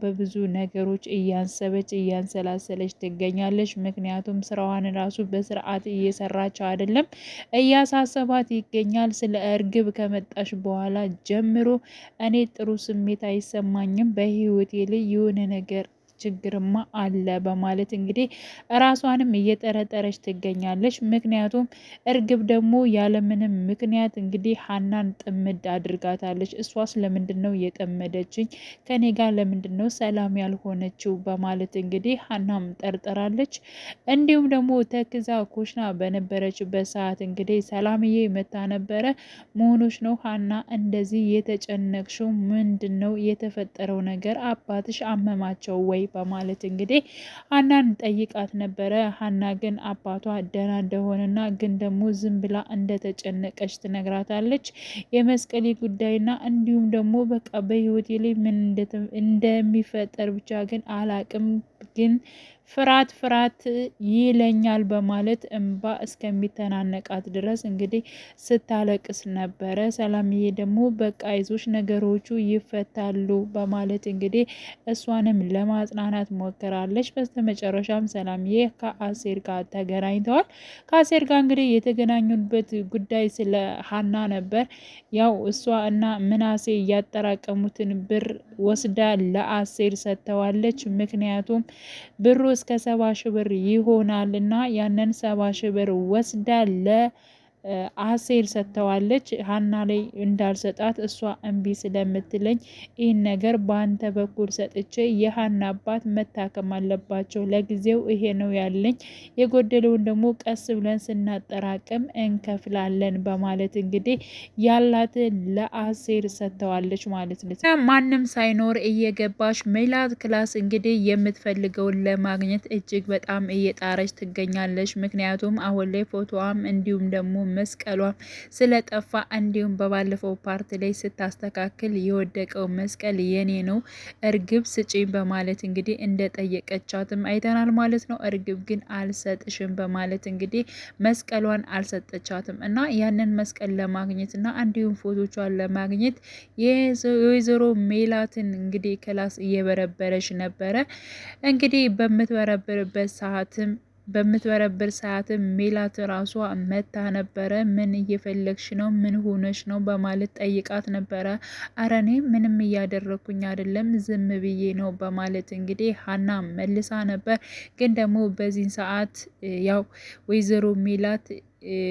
በብዙ ነገሮች እያንሰበች እያንሰላሰለች ትገኛለች። ምክንያቱም ስራዋን ራሱ በስርዓት እየሰራች አይደለም፣ እያሳሰባት ይገኛል። ስለ እርግብ ከመጣሽ በኋላ ጀምሮ እኔ ጥሩ ስሜት አይሰማኝም፣ በህይወቴ ላይ የሆነ ነገር ችግርማ አለ በማለት እንግዲህ ራሷንም እየጠረጠረች ትገኛለች። ምክንያቱም እርግብ ደግሞ ያለምንም ምክንያት እንግዲህ ሀናን ጥምድ አድርጋታለች። እሷስ ለምንድን ነው የጠመደችኝ? ከኔ ጋር ለምንድን ነው ሰላም ያልሆነችው? በማለት እንግዲህ ሀናም ጠርጥራለች። እንዲሁም ደግሞ ተክዛ ኮሽና በነበረችበት ሰዓት እንግዲህ ሰላምዬ መታ ነበረ። መሆኖች ነው ሀና እንደዚህ የተጨነቅሽው ምንድን ነው የተፈጠረው ነገር አባትሽ አመማቸው ወይ በማለት እንግዲህ ሀናን ጠይቃት ነበረ። ሀና ግን አባቷ ደህና እንደሆነና ግን ደግሞ ዝም ብላ እንደተጨነቀች ትነግራታለች። የመስቀሌ ጉዳይና እንዲሁም ደግሞ በቃ በህይወቴ ላይ ምን እንደሚፈጠር ብቻ ግን አላቅም ግን ፍርሃት ፍርሃት ይለኛል በማለት እንባ እስከሚተናነቃት ድረስ እንግዲህ ስታለቅስ ነበረ። ሰላምዬ ደግሞ በቃ ይዞች ነገሮቹ ይፈታሉ በማለት እንግዲህ እሷንም ለማጽናናት ሞክራለች። በስተመጨረሻም ሰላምዬ ከአሴር ጋር ተገናኝተዋል። ከአሴር ጋር እንግዲህ የተገናኙበት ጉዳይ ስለ ሀና ነበር። ያው እሷ እና ምናሴ እያጠራቀሙትን ብር ወስዳ ለአሴር ሰጥተዋለች። ምክንያቱም ብሩ እስከ ሰባ ሺህ ብር ይሆናልና ያንን ሰባ ሺህ ብር ወስዳ ለ አሴር ሰጥተዋለች። ሀና ላይ እንዳልሰጣት እሷ እምቢ ስለምትለኝ ይህን ነገር በአንተ በኩል ሰጥቼ የሀና አባት መታከም አለባቸው። ለጊዜው ይሄ ነው ያለኝ፣ የጎደለውን ደግሞ ቀስ ብለን ስናጠራቅም እንከፍላለን በማለት እንግዲህ ያላትን ለአሴር ሰጥተዋለች ማለት ነው። ማንም ሳይኖር እየገባች ሜላት ክላስ እንግዲህ የምትፈልገውን ለማግኘት እጅግ በጣም እየጣረች ትገኛለች። ምክንያቱም አሁን ላይ ፎቶዋም እንዲሁም ደግሞ መስቀሏም ስለጠፋ እንዲሁም በባለፈው ፓርት ላይ ስታስተካክል የወደቀው መስቀል የኔ ነው እርግብ ስጪኝ በማለት እንግዲህ እንደጠየቀቻትም አይተናል ማለት ነው። እርግብ ግን አልሰጥሽም በማለት እንግዲህ መስቀሏን አልሰጠቻትም እና ያንን መስቀል ለማግኘት እና እንዲሁም ፎቶቿን ለማግኘት የወይዘሮ ሜላትን እንግዲህ ክላስ እየበረበረች ነበረ። እንግዲህ በምትበረብርበት ሰዓትም በምትበረብር ሰዓት ሜላት ራሷ መታ ነበረ። ምን እየፈለግሽ ነው? ምን ሆነሽ ነው? በማለት ጠይቃት ነበረ። አረኔ ምንም እያደረግኩኝ አይደለም ዝም ብዬ ነው በማለት እንግዲህ ሀና መልሳ ነበር። ግን ደግሞ በዚህን ሰዓት ያው ወይዘሮ ሜላት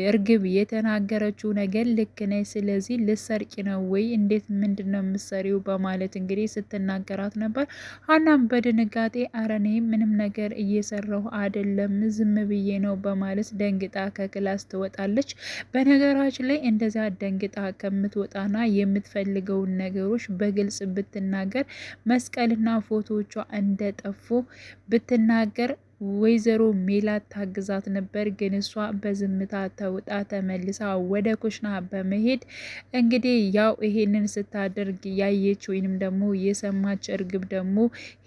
እርግብ የተናገረችው ነገር ልክ ነ ስለዚህ ልሰርቂ ነው ወይ እንዴት ምንድን ነው የምሰሪው? በማለት እንግዲህ ስትናገራት ነበር። ሀናም በድንጋጤ አረኔ ምንም ነገር እየሰራሁ አይደለም ዝም ብዬ ነው በማለት ደንግጣ ከክላስ ትወጣለች። በነገራችን ላይ እንደዚያ ደንግጣ ከምትወጣና የምትፈልገውን ነገሮች በግልጽ ብትናገር መስቀልና ፎቶዎቿ እንደጠፉ ብትናገር ወይዘሮ ሜላት ታግዛት ነበር። ግን እሷ በዝምታ ተውጣ ተመልሳ ወደ ኩሽና በመሄድ እንግዲህ ያው ይሄንን ስታደርግ ያየች ወይንም ደግሞ የሰማች እርግብ ደግሞ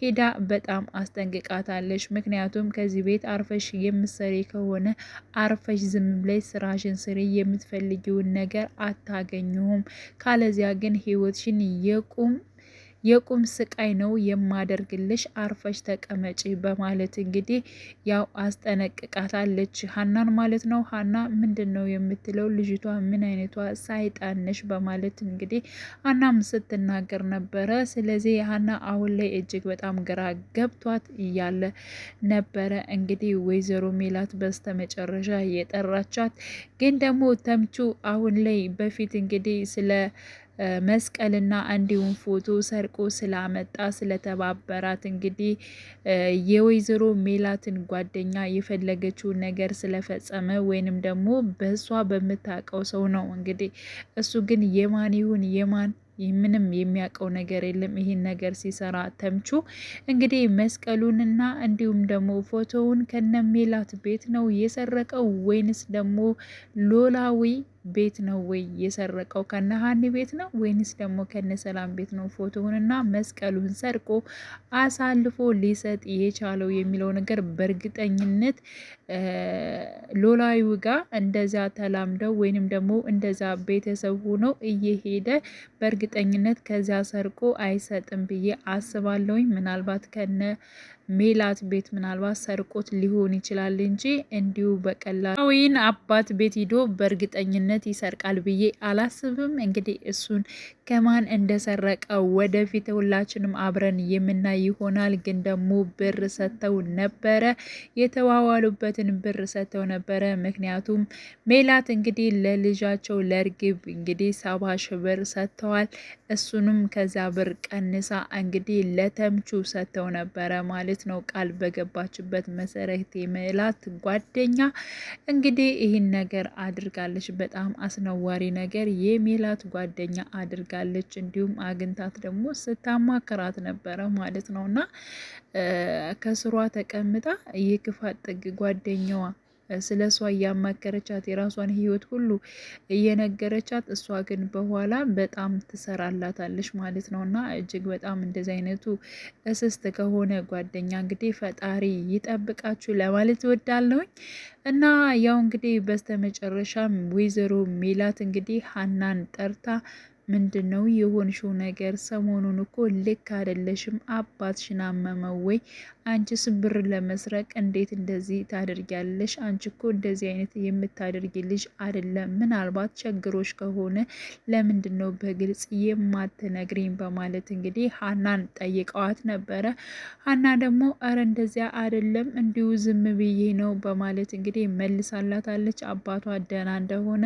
ሄዳ በጣም አስጠንቅቃታለች። ምክንያቱም ከዚህ ቤት አርፈሽ የምትሰሪ ከሆነ አርፈሽ ዝም ብለሽ ስራሽን ስሪ፣ የምትፈልጊውን ነገር አታገኘሁም፣ ካለዚያ ግን ህይወትሽን የቁም የቁም ስቃይ ነው የማደርግልሽ፣ አርፈሽ ተቀመጪ በማለት እንግዲህ ያው አስጠነቅቃታለች ሀናን ማለት ነው። ሀና ምንድን ነው የምትለው ልጅቷ ምን አይነቷ ሳይጣንሽ በማለት እንግዲህ ሀናም ስትናገር ነበረ። ስለዚህ ሀና አሁን ላይ እጅግ በጣም ግራ ገብቷት እያለ ነበረ እንግዲህ ወይዘሮ ሜላት በስተመጨረሻ የጠራቻት ግን ደግሞ ተምቹ አሁን ላይ በፊት እንግዲህ ስለ መስቀልና እንዲሁም ፎቶ ሰርቆ ስላመጣ ስለተባበራት እንግዲህ የወይዘሮ ሜላትን ጓደኛ የፈለገችውን ነገር ስለፈጸመ ወይንም ደግሞ በእሷ በምታውቀው ሰው ነው እንግዲህ እሱ ግን የማን ይሁን የማን ምንም የሚያውቀው ነገር የለም። ይህን ነገር ሲሰራ ተምቹ እንግዲህ መስቀሉንና እንዲሁም ደግሞ ፎቶውን ከነሜላት ቤት ነው የሰረቀው ወይንስ ደግሞ ኖላዊ ቤት ነው ወይ የሰረቀው? ከነሀኒ ቤት ነው ወይንስ ደግሞ ከነ ሰላም ቤት ነው ፎቶውንና መስቀሉን ሰርቆ አሳልፎ ሊሰጥ የቻለው የሚለው ነገር በእርግጠኝነት ኖላዊ ጋር እንደዛ ተላምደው ወይንም ደግሞ እንደዛ ቤተሰብ ሆነው እየሄደ በእርግጠኝነት ከዚያ ሰርቆ አይሰጥም ብዬ አስባለሁኝ። ምናልባት ከነ ሜላት ቤት ምናልባት ሰርቆት ሊሆን ይችላል እንጂ እንዲሁ በቀላዊን አባት ቤት ሂዶ በእርግጠኝነት ይሰርቃል ብዬ አላስብም። እንግዲህ እሱን ከማን እንደሰረቀ ወደፊት ሁላችንም አብረን የምናይ ይሆናል። ግን ደግሞ ብር ሰጥተው ነበረ፣ የተዋዋሉበትን ብር ሰጥተው ነበረ። ምክንያቱም ሜላት እንግዲህ ለልጃቸው ለእርግብ እንግዲህ ሰባ ሺህ ብር ሰጥተዋል። እሱንም ከዛ ብር ቀንሳ እንግዲህ ለተምቹ ሰጥተው ነበረ ማለት ማለት ነው። ቃል በገባችበት መሰረት የመላት ጓደኛ እንግዲህ ይህን ነገር አድርጋለች። በጣም አስነዋሪ ነገር የሜላት ጓደኛ አድርጋለች። እንዲሁም አግንታት ደግሞ ስታማከራት ነበረ ማለት ነው እና ከስሯ ተቀምጣ የክፋት ጥግ ጓደኛዋ ስለ እሷ እያማከረቻት የራሷን ህይወት ሁሉ እየነገረቻት፣ እሷ ግን በኋላ በጣም ትሰራላታለች ማለት ነው። እና እጅግ በጣም እንደዚህ አይነቱ እስስት ከሆነ ጓደኛ እንግዲህ ፈጣሪ ይጠብቃችሁ ለማለት እወዳለሁኝ። እና ያው እንግዲህ በስተመጨረሻም ወይዘሮ ሜላት እንግዲህ ሀናን ጠርታ ምንድን ነው የሆንሽው ነገር? ሰሞኑን እኮ ልክ አይደለሽም። አባትሽን አመመው ወይ? አንቺስ ብር ለመስረቅ እንዴት እንደዚህ ታደርጊያለሽ? አንቺ እኮ እንደዚህ አይነት የምታደርጊ ልጅ አይደለም። ምናልባት ችግሮች ከሆነ ለምንድን ነው በግልጽ የማትነግሪኝ? በማለት እንግዲህ ሀናን ጠይቀዋት ነበረ። ሀና ደግሞ እረ እንደዚያ አይደለም እንዲሁ ዝም ብዬ ነው በማለት እንግዲህ መልሳላታለች። አባቷ ደህና እንደሆነ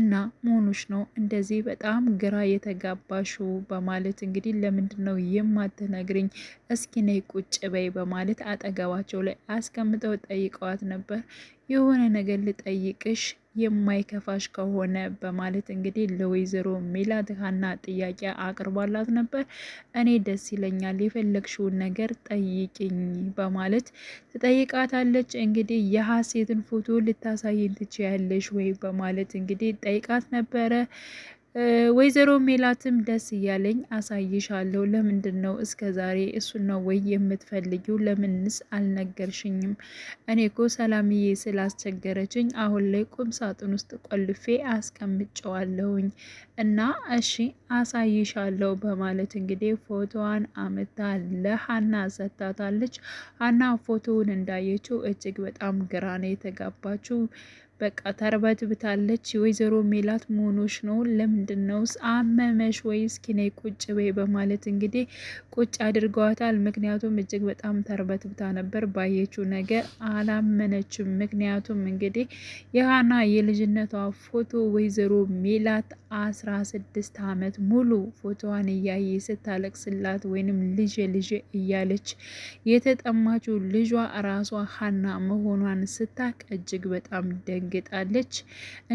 እና መሆኑሽ ነው እንደዚህ በጣም ግራ የተጋባሹ በማለት እንግዲህ ለምንድን ነው የማትነግርኝ? እስኪ ነይ ቁጭ በይ በማለት አጠገባቸው ላይ አስቀምጠው ጠይቀዋት ነበር። የሆነ ነገር ልጠይቅሽ የማይከፋሽ ከሆነ በማለት እንግዲህ ለወይዘሮ ሜላት ሀና ጥያቄ አቅርባላት ነበር። እኔ ደስ ይለኛል የፈለግሽውን ነገር ጠይቅኝ በማለት ትጠይቃታለች። እንግዲህ የሀሴትን ፎቶ ልታሳይን ትችያለሽ ወይ በማለት እንግዲህ ጠይቃት ነበረ። ወይዘሮ ሜላትም ደስ እያለኝ አሳይሻለሁ። ለምንድን ነው እስከ ዛሬ እሱን ነው ወይ የምትፈልጊው? ለምንስ አልነገርሽኝም? እኔ ኮ ሰላምዬ ስላስቸገረችኝ አሁን ላይ ቁም ሳጥን ውስጥ ቆልፌ አስቀምጨዋለሁኝ እና እሺ አሳይሻለሁ በማለት እንግዲህ ፎቶዋን አመታ ለሀና ሰጥታታለች። ሀና ፎቶውን እንዳየችው እጅግ በጣም ግራ ነው የተጋባችው። በቃ ተርበትብታለች። ወይዘሮ ሜላት መሆኖች ነው ለምንድን ነው አመመሽ ወይስ ኪኔ ቁጭ በይ በማለት እንግዲህ ቁጭ አድርገዋታል። ምክንያቱም እጅግ በጣም ተርበትብታ ነበር። ባየችው ነገር አላመነችም። ምክንያቱም እንግዲህ የሀና የልጅነቷ ፎቶ ወይዘሮ ሜላት አስራ ስድስት አመት ሙሉ ፎቶዋን እያየ ስታለቅስላት ወይንም ልጄ ልጄ እያለች የተጠማችው ልጇ ራሷ ሀና መሆኗን ስታቅ እጅግ በጣም ደንግጣለች።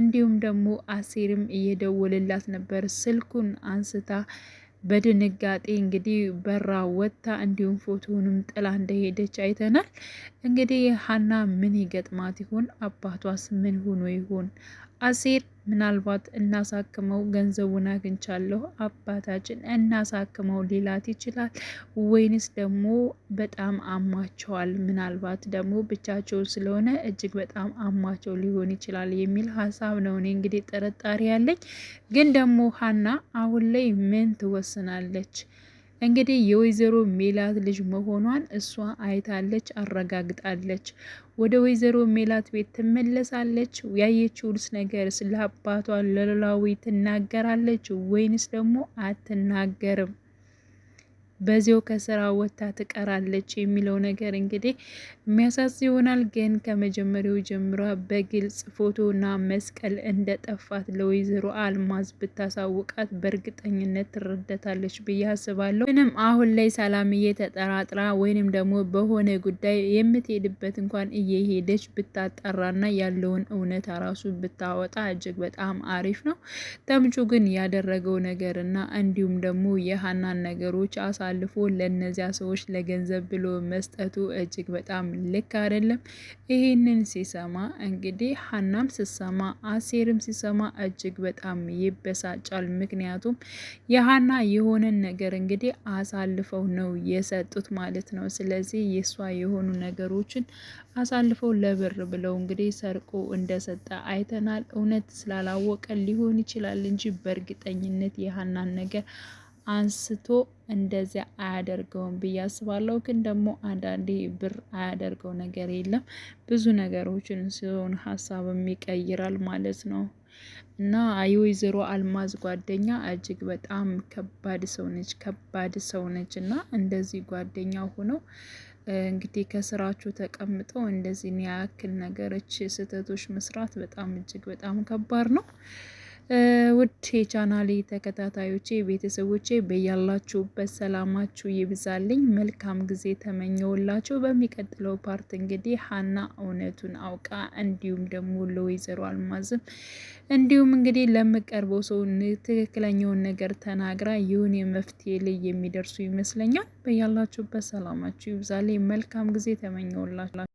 እንዲሁም ደግሞ አሴርም እየደወለላት ነበር። ስልኩን አንስታ በድንጋጤ እንግዲህ በራ ወጥታ እንዲሁም ፎቶውንም ጥላ እንደሄደች አይተናል። እንግዲህ ሀና ምን ይገጥማት ይሆን? አባቷስ ምን ሆኖ ይሆን? አሴር ምናልባት እናሳክመው ገንዘቡን አግኝቻለሁ አባታችን እናሳክመው ሊላት ይችላል። ወይንስ ደግሞ በጣም አሟቸዋል፣ ምናልባት ደግሞ ብቻቸውን ስለሆነ እጅግ በጣም አሟቸው ሊሆን ይችላል የሚል ሀሳብ ነው እኔ እንግዲህ ጥርጣሬ ያለኝ። ግን ደግሞ ሀና አሁን ላይ ምን ትወስናለች? እንግዲህ የወይዘሮ ሜላት ልጅ መሆኗን እሷ አይታለች፣ አረጋግጣለች። ወደ ወይዘሮ ሜላት ቤት ትመለሳለች። ያየችውንስ ነገር ስለ አባቷ ትናገራለች ወይንስ ደግሞ አትናገርም? በዚው ከስራ ወጥታ ትቀራለች የሚለው ነገር እንግዲህ የሚያሳዝ ይሆናል። ግን ከመጀመሪያው ጀምሯ በግልጽ ፎቶና መስቀል እንደጠፋት ለወይዘሮ አልማዝ ብታሳውቃት በእርግጠኝነት ትረዳታለች ብዬ አስባለሁ። ምንም አሁን ላይ ሰላምዬ ተጠራጥራ ወይንም ደግሞ በሆነ ጉዳይ የምትሄድበት እንኳን እየሄደች ብታጣራና ያለውን እውነት ራሱ ብታወጣ እጅግ በጣም አሪፍ ነው። ተምቹ ግን ያደረገው ነገርና እንዲሁም ደግሞ የሀናን ነገሮች አሳ አሳልፎ ለነዚያ ሰዎች ለገንዘብ ብሎ መስጠቱ እጅግ በጣም ልክ አይደለም። ይህንን ሲሰማ እንግዲህ ሀናም ስሰማ አሴርም ሲሰማ እጅግ በጣም ይበሳጫል። ምክንያቱም የሀና የሆነን ነገር እንግዲህ አሳልፈው ነው የሰጡት ማለት ነው። ስለዚህ የእሷ የሆኑ ነገሮችን አሳልፈው ለብር ብለው እንግዲህ ሰርቆ እንደሰጠ አይተናል። እውነት ስላላወቀ ሊሆን ይችላል እንጂ በእርግጠኝነት የሀናን ነገር አንስቶ እንደዚያ አያደርገውም ብዬ አስባለሁ። ግን ደግሞ አንዳንዴ ብር አያደርገው ነገር የለም ብዙ ነገሮችን ሲሆን ሀሳብም ይቀይራል ማለት ነው። እና የወይዘሮ አልማዝ ጓደኛ እጅግ በጣም ከባድ ሰው ነች ከባድ ሰው ነች። እና እንደዚህ ጓደኛ ሆነው እንግዲህ ከስራቸው ተቀምጠው እንደዚህ ያክል ነገሮች ስህተቶች መስራት በጣም እጅግ በጣም ከባድ ነው። ውድ የቻናሌ ተከታታዮቼ ቤተሰቦቼ በያላችሁበት ሰላማችሁ ይብዛልኝ። መልካም ጊዜ ተመኘውላችሁ። በሚቀጥለው ፓርት እንግዲህ ሀና እውነቱን አውቃ እንዲሁም ደግሞ ለወይዘሮ አልማዝም እንዲሁም እንግዲህ ለምቀርበው ሰው ትክክለኛውን ነገር ተናግራ ይሁን የመፍትሄ ላይ የሚደርሱ ይመስለኛል። በያላችሁበት ሰላማችሁ ይብዛልኝ። መልካም ጊዜ ተመኘውላችሁ።